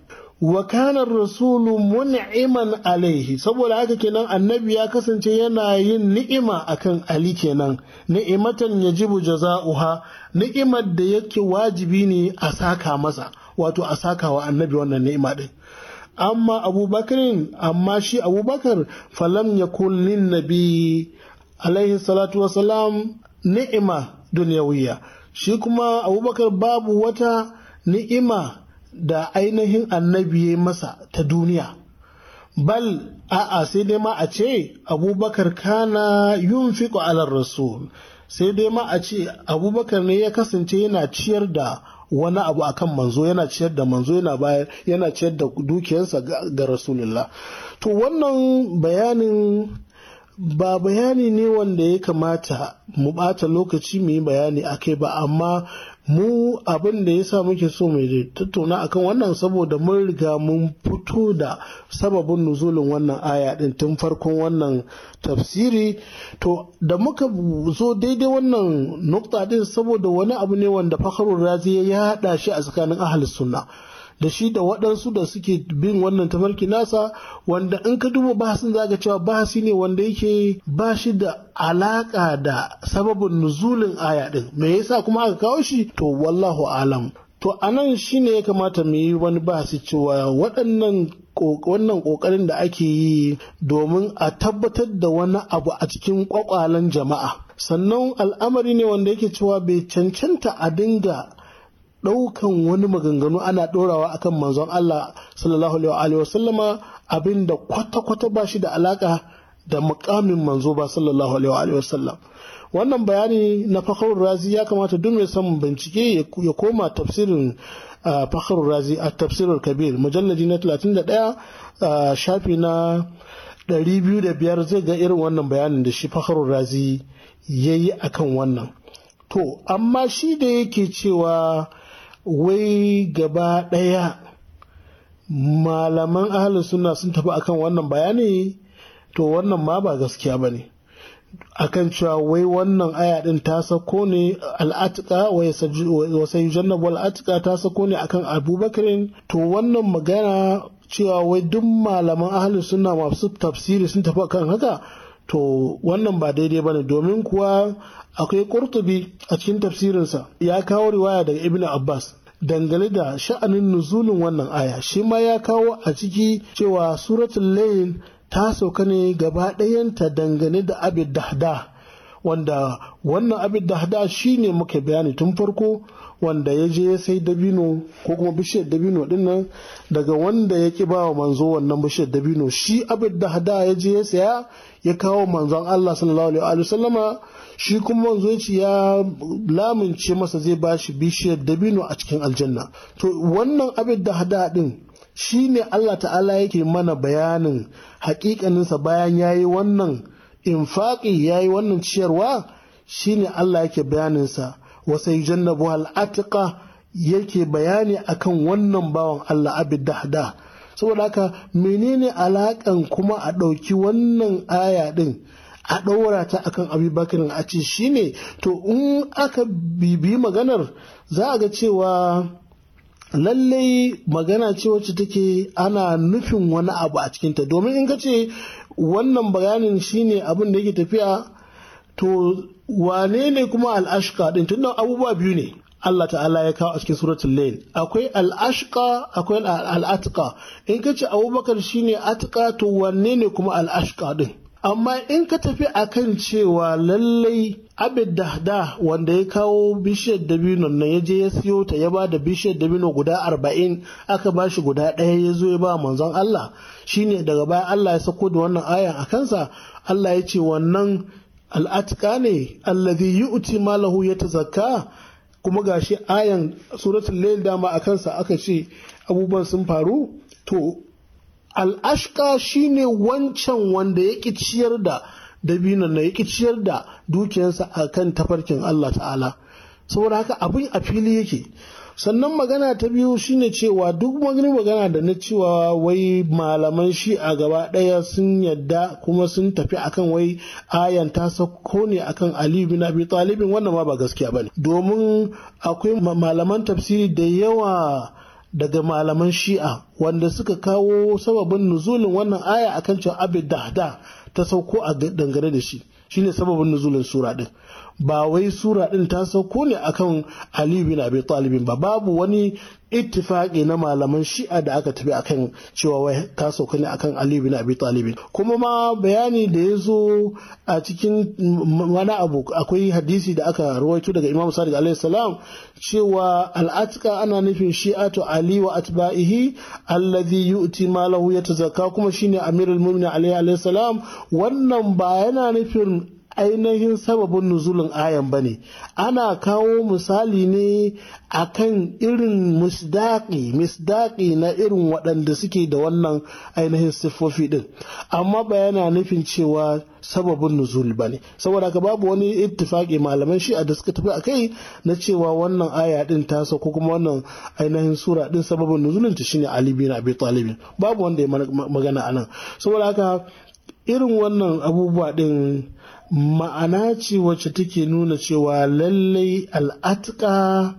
wa kana rasulu mun'iman alaihi saboda haka kenan annabi ya kasance yana yin ni'ima akan ali kenan ni'imatan yajibu jaza'uha ni'imar da yake wajibi ne a saka masa wato a saka wa annabi wannan ni'ima din amma abubakarin amma shi abubakar falam ya kullin nabi alaihi salatu wasalam ni'ima duniyawiya shi kuma abubakar babu wata ni'ima da ainihin annabi ya masa ta duniya bal a'a sai dai ma a ce abubakar kana yun fiƙo alar rasul sai dai ma a ce abubakar ne ya kasance yana ciyar da wani abu akan manzo yana ciyar da manzo yana bayar yana ciyar da dukiyarsa ga rasulullah to wannan bayanin ba bayani ne wanda ya kamata mu ɓata lokaci mu yi bayani kai ba amma mu abin da ya sa muke so mai tattauna akan wannan saboda mun riga mun fito da sababin nuzulin wannan aya din tun farkon wannan tafsiri to da muka zo daidai wannan nukta din saboda wani abu ne wanda fakarun razi ya yada shi a tsakanin ahlus sunna da shi da waɗansu da suke bin wannan tafarki nasa wanda in ka duba bahasin za cewa bahasi ne wanda yake ba shi da alaƙa da sababin nuzulin aya ɗin me yasa kuma aka kawo shi to wallahu alam to anan ne ya kamata mu yi wani bahasi cewa waɗannan wannan ƙoƙarin da ake yi domin a tabbatar da wani abu a cikin ƙwaƙwalen jama'a sannan al'amari ne wanda yake cewa bai cancanta a dinga ɗaukan wani maganganu ana ɗorawa akan manzon Allah sallallahu alaihi wa sallama abinda kwata-kwata ba shi da alaƙa da mukamin manzo ba sallallahu alaihi wa sallam wannan bayani na fakhrul razi ya kamata duk mai son bincike ya koma tafsirin fakhrul razi a tafsirul kabir mujalladi na 31 shafi na 205 zai ga irin wannan bayanin da shi fakhrul razi yayi akan wannan to amma shi da yake cewa wai gaba ɗaya malaman ahli suna sun tafi akan wannan bayani to wannan ma ba gaskiya ba ne akan cewa wai wannan aya ɗin ta sako ne al'atika wasai jannabu al'atika ta sako ne akan abubakarin to wannan magana cewa wai duk malaman ahli suna masu tafsiri sun tafi akan haka to wannan ba daidai bane domin kuwa akwai kurtubi a cikin tafsirinsa ya kawo riwaya daga ibn abbas dangane da sha'anin nuzulin wannan aya shi ma ya kawo a ciki cewa suratul layin ta sauka ne gaba ɗayanta dangane da abid dahda wanda wannan abid dahda ne muka bayani tun farko wanda ya je ya sai dabino ko kuma bishiyar dabino dinnan daga wanda ya ki bawa manzo wannan bishiyar dabino shi abin da hada ya je ya saya ya kawo manzon Allah sallallahu alaihi sallama shi kuma manzo ya ci ya lamince masa zai bashi bishiyar dabino a cikin aljanna to wannan abin da hada din shi ne Allah ta'ala yake mana bayanin hakikaninsa bayan ya yi wannan infaƙi ya yi wannan ciyarwa shi ne Allah yake bayaninsa wasa yujannabu al'atiqa yake bayani akan wannan bawan Allah da saboda haka menene alakan kuma a ɗauki wannan aya ɗin a ɗaura ta akan abubakar a ce shine to in aka bibi maganar za a ga cewa lallai magana ce wacce take ana nufin wani abu a cikinta domin in ka ce wannan bayanin shine abin da yake tafiya to wane ne kuma al'ashka din tun abubuwa biyu ne Allah ta'ala ya kawo a cikin suratul layl akwai al'ashka akwai al'atqa in ka ce abubakar shine atqa to wane ne kuma al'ashka din amma in ka tafi a kan cewa lallai abid dahda wanda ya kawo bishiyar dabino nan ya je ya siyo ta ya ba da bishiyar dabino guda arba'in aka ba shi guda ɗaya ya zo ya ba manzon Allah shine daga baya Allah ya sako da wannan ayan a kansa Allah ya ce wannan al'atka ne allazi yu'ti malahu yatazakka kuma gashi ayan suratul layl dama a kansa aka ce abubuwan sun faru to al'ashka shine wancan wanda ya ciyar da dabinan na ya ciyar da dukiyarsa a kan tafarkin Allah ta'ala saboda haka abin a fili yake sannan magana ta biyu shine cewa duk wani magana da na cewa wai malaman shi a gaba ɗaya sun yadda kuma sun tafi akan wai ayan ta sauko ne akan ali bin abi talibin wannan ma ba gaskiya bane domin akwai malaman tafsiri da yawa daga malaman shi'a wanda suka kawo sababin nuzulin wannan aya akan cewa abid da ta sauko a dangane da shi shine sababin nuzulin sura din ba wai sura ɗin ta sauko ne akan Ali bin Abi Talibin ba babu wani ittifaqi na malaman shi'a da aka tafi akan cewa wai ta sauka ne akan Ali bin Abi Talibin kuma ma bayani da ya zo a cikin wani abu akwai hadisi da aka rawaito daga Imam Sadiq alaihi salam cewa al'atika ana nufin shi'atu Ali wa atba'ihi alladhi yu'ti malahu yatazakka kuma shine Amirul Mu'minin alaihi salam wannan ba yana nufin ainihin sababin nuzulin ayan bane ana kawo misali ne akan irin misdaƙi misdaƙi na irin waɗanda suke da wannan ainihin siffofi ɗin amma ba yana nufin cewa sababin nuzul ba ne saboda ka babu wani ittifaƙi malaman shi a da suka tafi a kai na cewa wannan aya ɗin ta ko kuma wannan ainihin sura ɗin sababin nuzulin ta shine ali bin abi talibin babu wanda ya magana anan saboda haka irin wannan abubuwa ɗin ma'ana ce wacce take nuna cewa lallai al'atka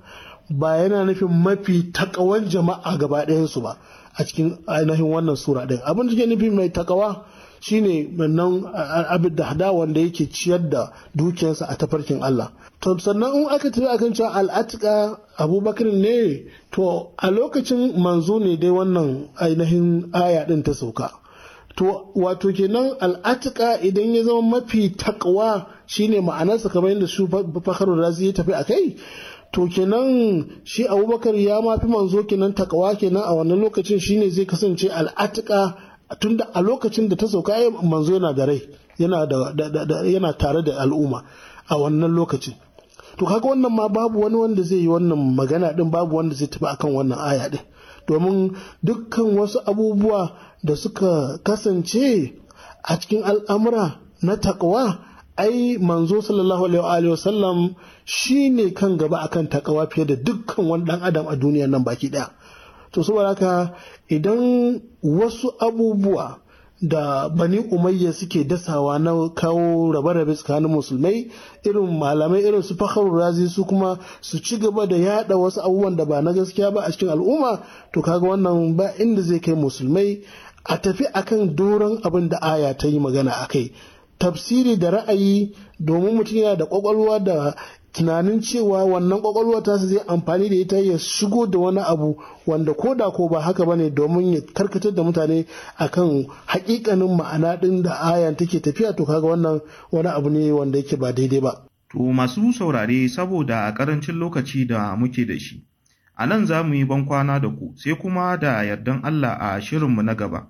ba yana nufin mafi takawan jama'a gaba ɗayansu ba a cikin ainihin wannan sura ɗin abin da ke nufi mai takawa shine nan abin da wanda yake ciyar da dukiyarsa a tafarkin Allah to sannan in aka tafi akan cewa al'atka abubakar ne to a lokacin manzo ne dai wannan ainihin aya ɗin ta sauka to wato kenan al'atika idan ya zama mafi takwa shine ma'anarsa kamar yadda su fakar razi ya tafi a kai to kenan shi abubakar ya mafi manzo kenan takwa kenan a wannan lokacin shine zai kasance al'atika tunda a lokacin da ta sauka ya manzo yana da rai yana tare da al'umma a wannan lokacin to kaga wannan ma babu wani wanda zai yi wannan magana din babu wanda zai tafi akan wannan aya ɗin, domin dukkan wasu abubuwa da suka kasance a cikin al'amura na takwa ai manzo sallallahu alaihi wa shi ne kan gaba akan takawa fiye da dukkan wani dan adam a duniya nan baki ɗaya. to saboda haka idan wasu abubuwa da bani umayya suke dasawa na kawo rabe-rabe tsakanin musulmai irin malamai irin su fakharu razi su kuma su ci gaba da yada wasu abubuwan da ba na gaskiya ba a cikin al'umma to kaga wannan ba inda zai kai musulmai a tafi akan doron abin da aya ta yi magana a kai tafsiri da ra'ayi domin mutum yana da kwakwalwa da tunanin cewa wannan kwakwalwa ta zai amfani da ita ya shigo da wani abu wanda ko da ko ba haka bane domin ya karkatar da mutane akan hakikanin ma'ana din da aya take tafiya to kaga wannan wani abu ne wanda yake ba daidai ba to masu saurare saboda a karancin lokaci da muke da shi a nan za mu yi bankwana da ku sai kuma da yardan Allah a shirinmu na gaba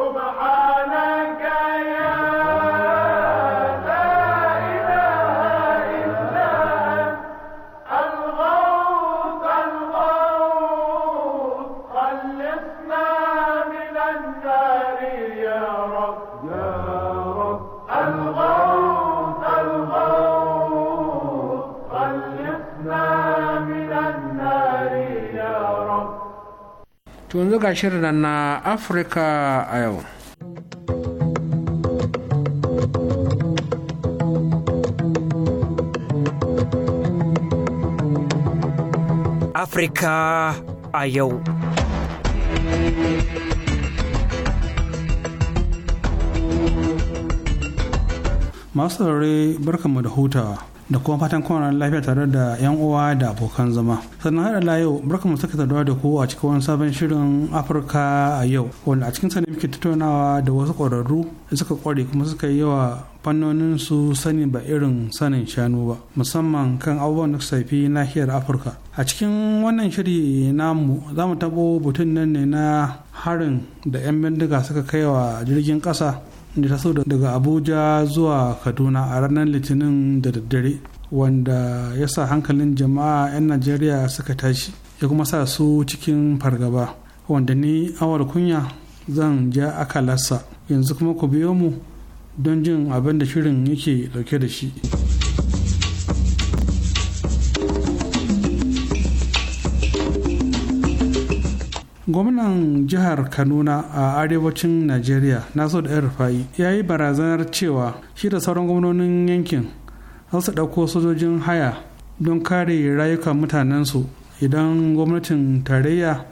to yanzu ga shirin nan na afirka a yau afirka a yau masu saurari barkanmu da hutawa da kuma fatan kowane lafiya tare da yan uwa da abokan zama sannan haɗa la yau barka mu saka sadawa da ku a cikin wani sabon shirin afirka a yau wanda a cikin sa ne muke tattaunawa da wasu ƙwararru da suka ƙware kuma suka yi yawa fannonin su sani ba irin sanin shanu ba musamman kan abubuwan da shafi nahiyar afirka a cikin wannan shiri namu za mu taɓo butun nan ne na harin da 'yan bindiga suka kai wa jirgin ƙasa da taso daga abuja zuwa kaduna a ranar litinin da daddare wanda ya sa hankalin jama'a 'yan najeriya suka tashi ya kuma sa su cikin fargaba wanda ni awar kunya zan ja akalarsa yanzu kuma ku biyo mu don jin abin da shirin yake dauke da shi. gwamnan jihar kanuna a arewacin najeriya na so da rufa'i ya yi barazanar cewa shi da sauran gwamnonin yankin za su ɗauko sojojin haya don kare rayukan mutanensu idan gwamnatin tarayya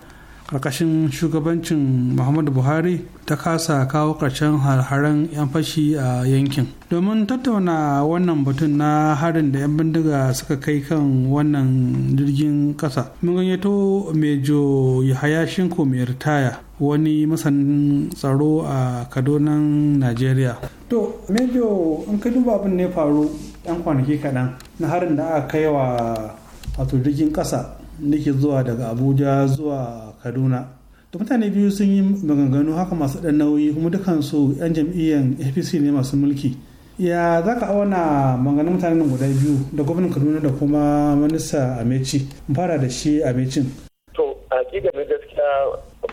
ƙarƙashin shugabancin muhammadu buhari ta kasa kawo karshen harharen 'yan fashi a yankin domin tattauna wannan batun na harin da 'yan bindiga suka kai kan wannan jirgin ƙasa mun gayyato mejo yahaya shinko mai ritaya wani masanin tsaro a kadonan najeriya to mejo in ka duba abin ne faru 'yan kwanaki kaɗan na harin da aka kai wa jirgin ƙasa nike zuwa daga abuja zuwa kaduna da mutane biyu sun yi maganganu haka masu ɗan nauyi kuma dukansu 'yan jam'iyyar apc ne masu mulki ya za ka auna maganin mutanen guda biyu da gwamnan kaduna da kuma minista ameci fara da shi amecin to a na gaskiya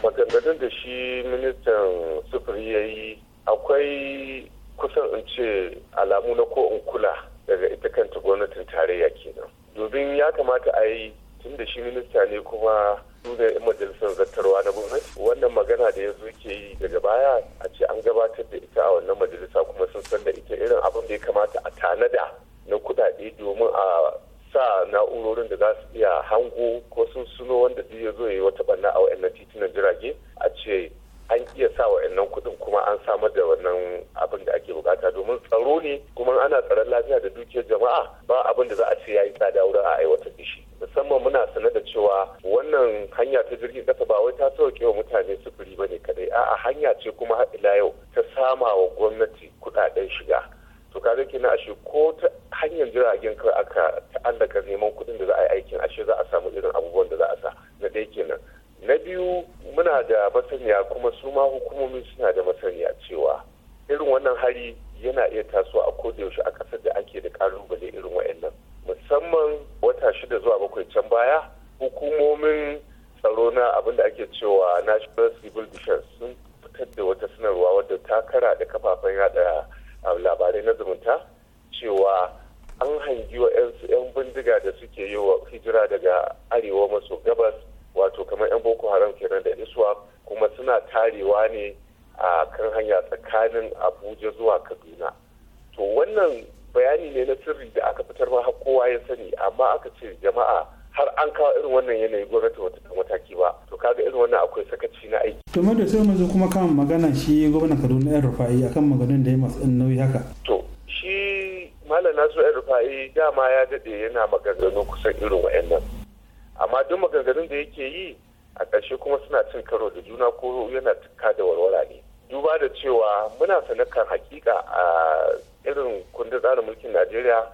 maganganun da shi ministan sufuri ya yi akwai kusan in ce alamu na ko in kula daga ita kanta gwamnatin tarayya kenan domin ya kamata a yi da shi minista ne kuma su yan majalisar zattarwa na gwamnati wannan magana da yanzu ke yi daga baya a ce an gabatar da ita a wannan majalisa kuma sun san da ita irin abin da ya kamata a tanada na kudade domin a sa na'urorin da za su iya hango ko sun wanda duk ya zo ya yi wata banna a wa'annan titunan jirage a ce an iya sa wa'annan kuɗin kuma an samar da wannan abin da ake bukata domin tsaro ne kuma ana tsaron lafiya da dukiyar jama'a ba abin da za a ce ya yi tsada wurin a aiwatar da shi musamman muna sanar da cewa wannan hanya ta jirgin kasa ba wai ta sauke wa mutane sufuri ba ne kadai a'a hanya ce kuma ila yau ta sama wa gwamnati kudaden shiga to zai kenan ashe ko ta hanyar jiragen kar aka ta'allaka neman kuɗin da za a yi aikin ashe za a samu irin abubuwan da za a sa na dai kenan na biyu muna da masaniya kuma su ma hukumomi suna da masaniya cewa irin wannan hari yana iya tasowa a yaushe a ƙasar da ake da ƙalubale irin wa'annan musamman wata shida zuwa bakwai can baya hukumomin tsaro na abin da ake cewa national civil defense sun fitar da wata sanarwa wadda ta kara da kafafen yada ah, labarai na zumunta cewa an hangi wa 'yan bindiga da suke yi wa hijira daga arewa maso gabas wato kamar 'yan boko haram kenan da iswa kuma suna tarewa ne a ah, kan hanya tsakanin abuja zuwa kaduna to wannan bayani ne na sirri da aka fitar ma kowa ya sani amma aka ce jama'a har an kawo irin wannan yanayi gwamnati wata ta mataki ba to kaga irin wannan akwai sakaci na aiki. to da sai mun kuma kan magana shi gwamnan kaduna yan rufa'i akan maganin da ya masu ɗan nauyi haka. to shi malam nasu yan rufa'i dama ya daɗe yana maganganu kusan irin wa'annan amma duk maganganun da yake yi a ƙarshe kuma suna cin karo da juna ko yana tukka da walwala ne duba da cewa muna sanakan hakika a irin kundin tsarin mulkin najeriya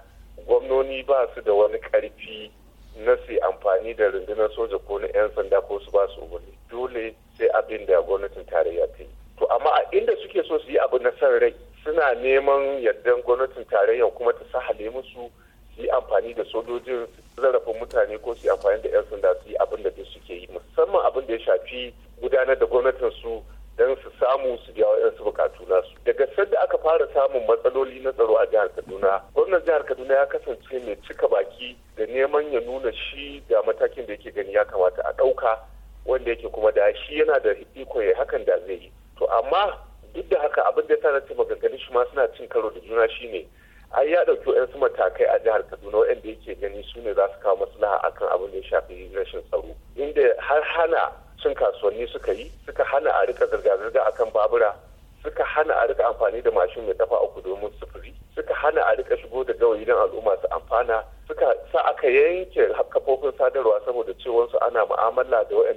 gwamnoni ba su da wani karfi na su amfani da rundunar soja ko na 'yan sanda ko su ba su wani dole sai abin da gwamnatin tarayya ta yi to amma a inda suke so su yi abu na san rai suna neman yardan gwamnatin tarayya kuma ta sahale musu su yi amfani da sojojin zarafin mutane ko su yi amfani da 'yan sanda su yi abin da suke yi musamman abin da ya shafi gudanar da gwamnatin su don su samu su biya waɗansu bukatu nasu daga sanda aka fara samun matsaloli na tsaro a jihar kaduna gwamnan jihar kaduna ya kasance mai cika baki da neman ya nuna shi da matakin da yake gani ya kamata a ɗauka wanda yake kuma da shi yana da iko ya hakan da zai yi to amma duk da haka abin da ya tana ce maganganun shi ma suna cin karo da juna shi ne ai ya ɗauki waɗansu matakai a jihar kaduna waɗanda yake gani su ne za su kawo maslaha akan abin da ya shafi rashin tsaro inda har hana cin kasuwanni suka yi suka hana a rika mu'amala da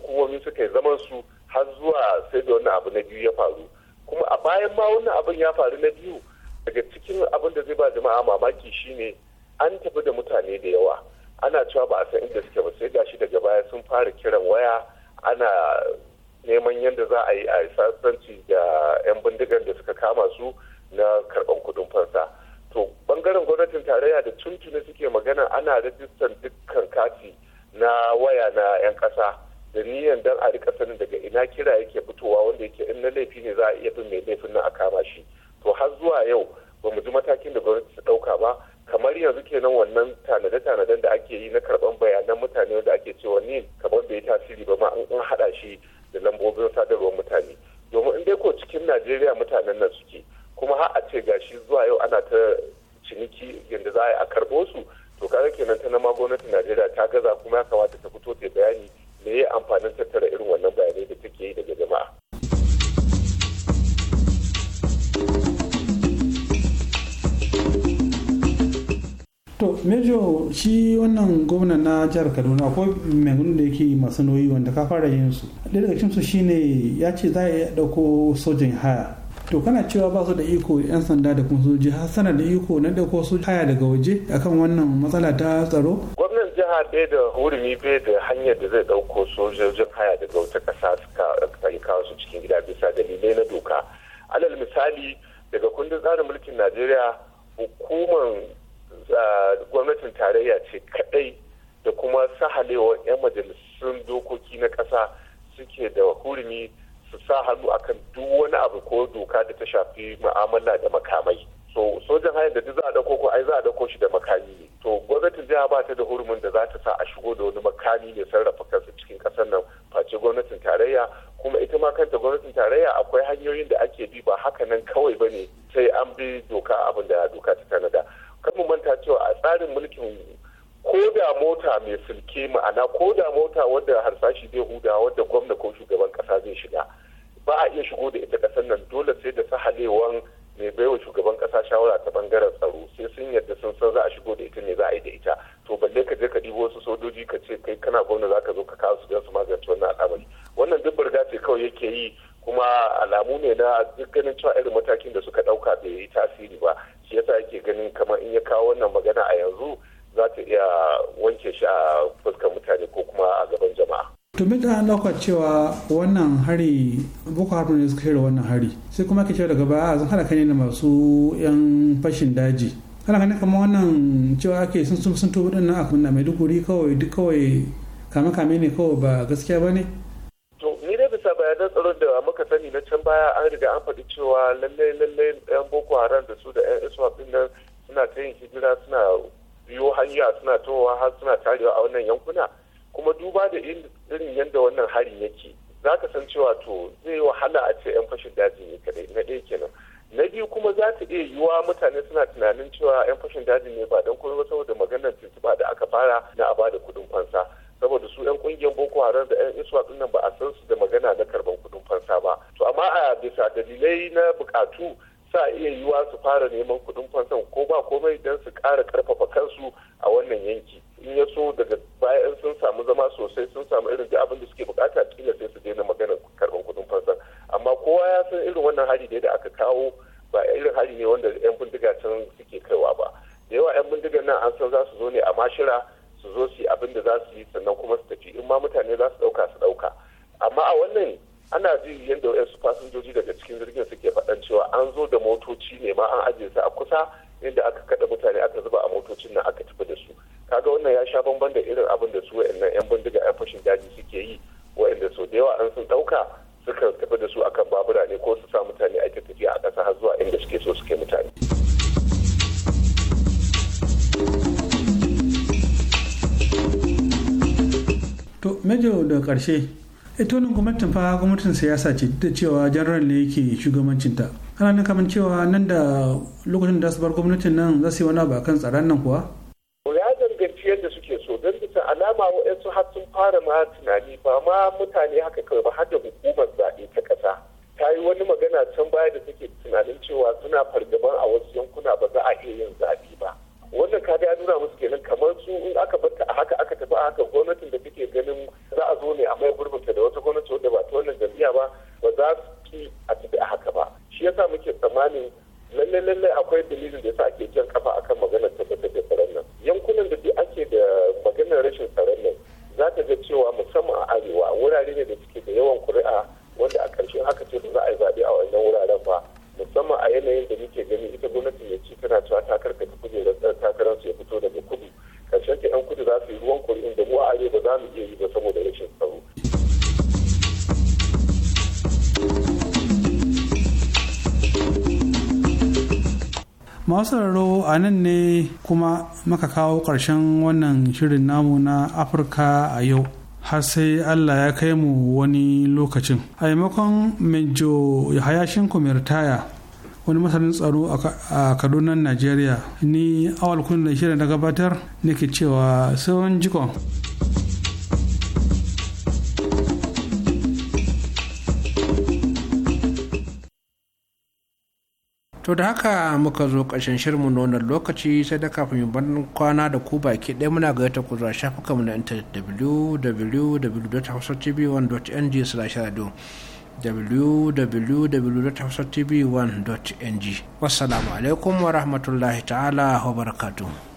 hukumomi suka yi zaman su har zuwa sai da wani abu na biyu ya faru kuma a bayan ma wani abin ya faru na biyu daga cikin abin da zai ba jama'a mamaki shine an tafi da mutane da yawa ana cewa ba a san inda suke ba sai gashi daga baya sun fara kiran waya ana neman yadda za a yi a sasanci da 'yan bindigan da suka kama su na karban kudin fansa to bangaren gwamnatin tarayya da tuntuni suke magana ana rajistan dukkan kati na waya na 'yan kasa da niyan dan a rika sanin daga ina kira yake fitowa wanda yake in na laifi ne za a iya bin mai laifin nan a kama shi to har zuwa yau ba mu ji matakin da gwamnati ta dauka ba kamar yanzu kenan wannan tanade-tanaden da ake yi na karban bayanan mutane wanda ake cewa ni kamar bai tasiri ba ma an haɗa shi da lambobin sadarwar mutane domin in dai ko cikin najeriya mutanen nan suke kuma har a ce gashi zuwa yau ana ta ciniki yadda za a yi a karɓo su to kaga kenan ta nama gwamnatin najeriya ta gaza kuma ya kamata ta fito ta bayani da ya amfanin tattara irin wannan bayanai da take yi daga jama'a. to mejo shi wannan gwamna na jihar kaduna ko maimakon da yake masu wanda ka fara yin su ɗaya daga cikin su shine ya ce za a iya ɗauko sojin haya to kana cewa ba su da iko yan sanda da kuma soji har sana da iko na da ko haya daga waje akan wannan matsala ta tsaro gwamnan jiha bai da hurumi bai da hanyar da zai dauko sojojin haya daga wata kasa suka kawo su cikin gida bisa dalilai na doka alal misali daga kundin tsarin mulkin najeriya hukumar gwamnatin tarayya ce kadai da kuma sahalewar 'yan majalisun dokoki na kasa suke da hurumi su sa hannu akan duk wani abu ko doka da ta shafi mu'amala da makamai so sojan hanyar da duk za a dauko ko ai za a dauko shi da makami ne to gwamnatin jiha ba ta da hurumin da za ta sa a shigo da wani makami ne sarrafa kansa cikin kasar nan face gwamnatin tarayya kuma ita ma kanta gwamnatin tarayya akwai hanyoyin da ake bi ba haka nan kawai ba ne sai an bi doka abin da doka ta tanada kan mu manta cewa a tsarin mulkin ko da mota mai sulke ma'ana ko da mota wadda harsashi zai huda wadda gwamna ko shugaban kasa zai shiga ba a iya shigo da ita kasar nan dole sai da sahalewan mai baiwa shugaban kasa shawara ta bangaren tsaro sai sun yadda sun san za a shigo da ita ne za a yi da ita to balle ka je ka ɗibo wasu sojoji ka ce kai kana gwamna za ka zo ka kawo su don su magance wannan al'amari wannan duk burga ce kawai yake yi kuma alamu ne na duk ganin cewa irin matakin da suka ɗauka bai yi tasiri ba shi yasa yake ganin kamar in ya kawo wannan magana a yanzu za ta iya wanke shi a fuskar mutane ko kuma a gaban jama'a to da lokacin cewa wannan hari boko haram ne suka shirya wannan hari sai kuma ke cewa daga baya sun hada kai da masu yan fashin daji hada kai kamar wannan cewa ake sun sun sun tubu dinnan akwai na maiduguri kawai duk kawai kame kame ne kawai ba gaskiya ba ne. to ni dai bisa bayanan tsaron da muka sani na can baya an riga an faɗi cewa lallai lallai yan boko haram da su da yan Iswa suna ta yin hijira suna biyo hanya suna towa har suna tarewa a wannan yankuna kuma duba da irin yadda wannan hari yake za ka san cewa to zai wahala a ce 'yan fashin daji ne kadai na ɗaya kenan na biyu kuma za ta iya yiwuwa mutane suna tunanin cewa 'yan fashin daji ne ba don kuma saboda maganar tuntuɓa da aka fara na a bada kuɗin fansa saboda su 'yan kungiyar boko haram da 'yan iswa ɗin nan ba a san su da magana na karban kuɗin fansa ba to amma a bisa dalilai na bukatu sa iya yiwuwa su fara neman kudin fansan ko ba komai don su kara karfafa kansu a wannan yanki in ya so daga bayan sun samu zama sosai sun samu irin abin da suke bukata kila sai su daina magana karɓar kudin fansan amma kowa ya san irin wannan hari ne da aka kawo ba irin hari ne wanda 'yan bindiga can suke kaiwa ba da yawa 'yan bindigan nan an san za su zo ne a mashira su zo su yi abin da za su yi sannan kuma su tafi in ma mutane za su ɗauka su ɗauka amma a wannan ana ji yadda wasu fasinjoji daga cikin jirgin suke faɗan cewa an zo da motoci ne ma an ajiye su a kusa inda aka kaɗa mutane aka zuba a motocin nan aka tafi da su kaga wannan ya sha bamban da irin abin da su wa'annan yan bindiga a fashin daji suke yi wa'anda sau da yawa an sun ɗauka suka tafi da su akan babura ne ko su sa mutane ake tafiya a ƙasa har zuwa inda suke so suke mutane. To, Mejo da karshe. ita eh, wannan gwamnatin fa gwamnatin siyasa ce da cewa janar ne yake shugabancinta ana nan kamar cewa nan da lokacin da su bar gwamnatin nan za su yi wani abu akan tsaron nan kuwa ya danganci yadda suke so don bisa alama waɗansu har sun fara ma tunani ba ma mutane haka kawai ba har da hukumar zaɓe ta ƙasa ta yi wani magana can baya da suke tunanin cewa suna fargaban a wasu yankuna ba za a iya yin zaɓe wannan kaga ya nuna musu kenan kamar su in aka barta a haka aka tafi a haka gwamnatin da take ganin za a zo ne a mai gurbinta da wata gwamnati wadda ba ta wannan jam'iyya ba ba za su ci a tafi a haka ba shi yasa muke tsammanin lalle-lalle akwai dalilin da yasa ake jan kafa akan maganar tabbatar da tsaron nan yankunan da dai ake da maganar rashin tsaron nan za ta ga cewa musamman a arewa wurare ne da suke da yawan kuri'a wanda a ƙarshen haka ce ba za a yi zaɓe a wannan wuraren ba musamman a yanayin da muke gani ita gwamnati ya ci tana cewa ta karkata kujerar ɗan takarar su ya fito daga kudu karshen ta 'yan kudu za su yi ruwan kuri inda mu a arewa za mu iya yi ba saboda rashin tsaro. masu sauraro a nan ne kuma maka kawo ƙarshen wannan shirin namu na afirka a yau har sai allah ya kai mu wani lokacin a maimakon mejo hayashin kumirtaya wani masanin tsaro a kaduna nigeria ni awal kundin shirin da gabatar nake cewa sauran jikon to da haka muka zo ƙarshen shirinmu na wannan lokaci sai da kafin ban kwana da ku baki ɗaya muna ga ta kuzura shafukanmu na intanet www.hausatv1.ng/radio www.hafsatv1.ng wassalamu alaikum wa rahmatullahi ta'ala wa barakatuhu